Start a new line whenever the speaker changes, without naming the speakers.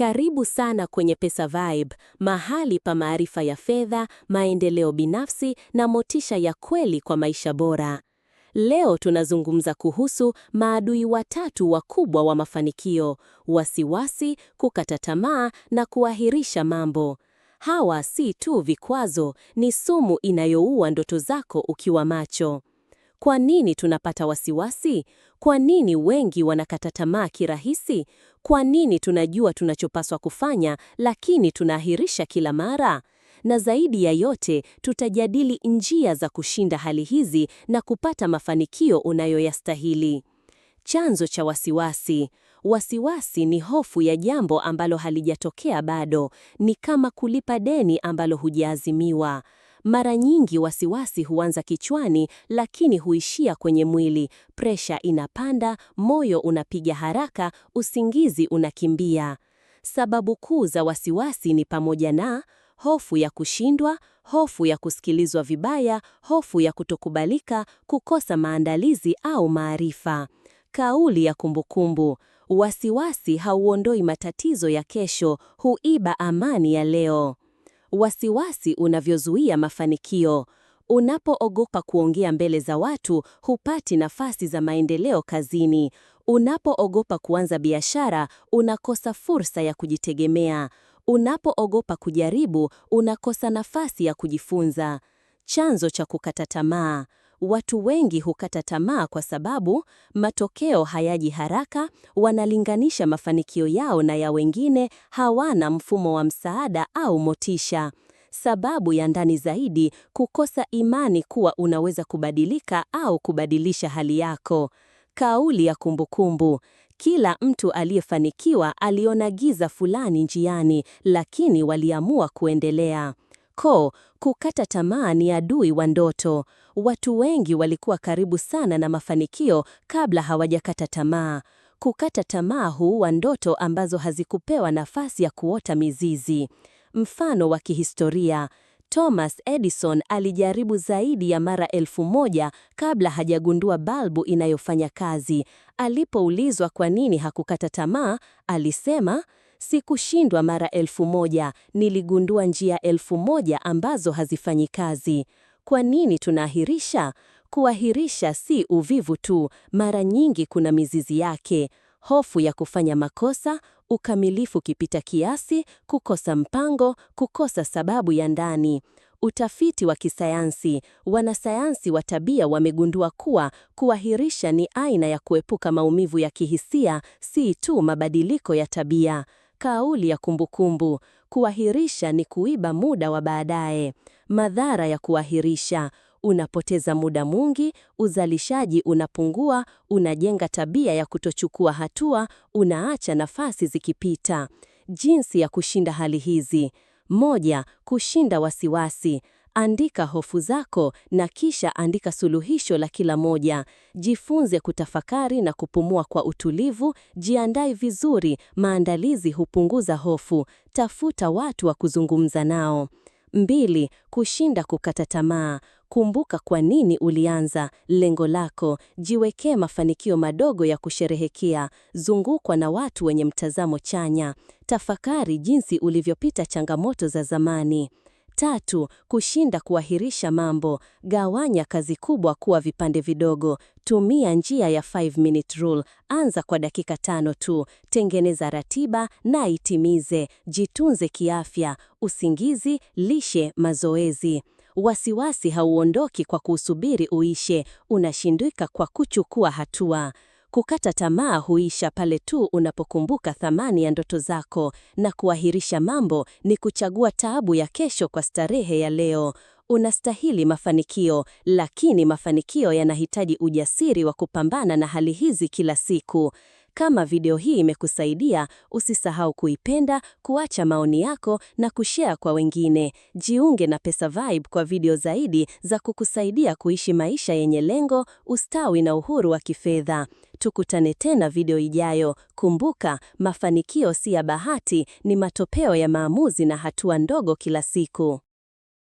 Karibu sana kwenye Pesa Vibe, mahali pa maarifa ya fedha, maendeleo binafsi na motisha ya kweli kwa maisha bora. Leo tunazungumza kuhusu maadui watatu wakubwa wa mafanikio: wasiwasi, kukata tamaa na kuahirisha mambo. Hawa si tu vikwazo, ni sumu inayoua ndoto zako ukiwa macho. Kwa nini tunapata wasiwasi? Kwa nini wengi wanakata tamaa kirahisi? Kwa nini tunajua tunachopaswa kufanya lakini tunaahirisha kila mara? Na zaidi ya yote, tutajadili njia za kushinda hali hizi na kupata mafanikio unayoyastahili. Chanzo cha wasiwasi. Wasiwasi ni hofu ya jambo ambalo halijatokea bado. Ni kama kulipa deni ambalo hujaazimiwa. Mara nyingi wasiwasi huanza kichwani, lakini huishia kwenye mwili. Presha inapanda, moyo unapiga haraka, usingizi unakimbia. Sababu kuu za wasiwasi ni pamoja na hofu ya kushindwa, hofu ya kusikilizwa vibaya, hofu ya kutokubalika, kukosa maandalizi au maarifa. Kauli ya kumbukumbu: wasiwasi hauondoi matatizo ya kesho, huiba amani ya leo wasiwasi unavyozuia mafanikio. Unapoogopa kuongea mbele za watu, hupati nafasi za maendeleo kazini. Unapoogopa kuanza biashara, unakosa fursa ya kujitegemea. Unapoogopa kujaribu, unakosa nafasi ya kujifunza. Chanzo cha kukata tamaa. Watu wengi hukata tamaa kwa sababu matokeo hayaji haraka, wanalinganisha mafanikio yao na ya wengine, hawana mfumo wa msaada au motisha. Sababu ya ndani zaidi, kukosa imani kuwa unaweza kubadilika au kubadilisha hali yako. Kauli ya kumbukumbu: kila mtu aliyefanikiwa aliona giza fulani njiani, lakini waliamua kuendelea. Ko, kukata tamaa ni adui wa ndoto. Watu wengi walikuwa karibu sana na mafanikio kabla hawajakata tamaa. Kukata tamaa huua ndoto ambazo hazikupewa nafasi ya kuota mizizi. Mfano wa kihistoria, Thomas Edison alijaribu zaidi ya mara elfu moja kabla hajagundua balbu inayofanya kazi. Alipoulizwa kwa nini hakukata tamaa, alisema Sikushindwa mara elfu moja, niligundua njia elfu moja ambazo hazifanyi kazi. Kwa nini tunaahirisha? Kuahirisha si uvivu tu, mara nyingi kuna mizizi yake: hofu ya kufanya makosa, ukamilifu kipita kiasi, kukosa mpango, kukosa sababu ya ndani. Utafiti wa kisayansi: wanasayansi wa tabia wamegundua kuwa kuahirisha ni aina ya kuepuka maumivu ya kihisia, si tu mabadiliko ya tabia. Kauli ya kumbukumbu: kuahirisha ni kuiba muda wa baadaye. Madhara ya kuahirisha: unapoteza muda mwingi, uzalishaji unapungua, unajenga tabia ya kutochukua hatua, unaacha nafasi zikipita. Jinsi ya kushinda hali hizi: moja, kushinda wasiwasi. Andika hofu zako na kisha andika suluhisho la kila moja. Jifunze kutafakari na kupumua kwa utulivu. Jiandae vizuri, maandalizi hupunguza hofu. Tafuta watu wa kuzungumza nao. Mbili, kushinda kukata tamaa. Kumbuka kwa nini ulianza, lengo lako. Jiwekee mafanikio madogo ya kusherehekea. Zungukwa na watu wenye mtazamo chanya. Tafakari jinsi ulivyopita changamoto za zamani. Tatu, kushinda kuahirisha mambo. Gawanya kazi kubwa kuwa vipande vidogo. Tumia njia ya 5 minute rule. Anza kwa dakika tano tu. Tengeneza ratiba na itimize. Jitunze kiafya, usingizi, lishe, mazoezi. Wasiwasi hauondoki kwa kusubiri uishe, unashindika kwa kuchukua hatua. Kukata tamaa huisha pale tu unapokumbuka thamani ya ndoto zako, na kuahirisha mambo ni kuchagua taabu ya kesho kwa starehe ya leo. Unastahili mafanikio, lakini mafanikio yanahitaji ujasiri wa kupambana na hali hizi kila siku. Kama video hii imekusaidia, usisahau kuipenda, kuacha maoni yako na kushare kwa wengine. Jiunge na Vibe kwa video zaidi za kukusaidia kuishi maisha yenye lengo, ustawi na uhuru wa kifedha. Tukutane tena video ijayo. Kumbuka, mafanikio si ya bahati, ni matokeo ya maamuzi na hatua ndogo kila siku.